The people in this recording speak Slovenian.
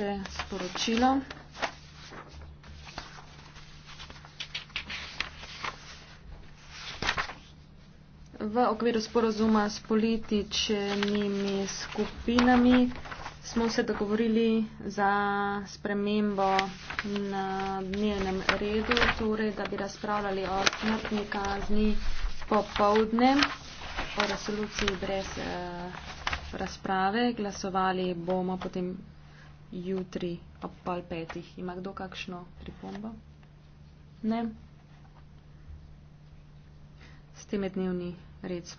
še sporočilo. V okviru sporozuma s političnimi skupinami smo se dogovorili za spremembo na dnevnem redu, torej, da bi razpravljali o smrtni kazni popovdne, o resoluciji brez eh, razprave. Glasovali bomo potem jutri ob pol petih. Ima kdo kakšno pripombo? Ne. S tem je dnevni red.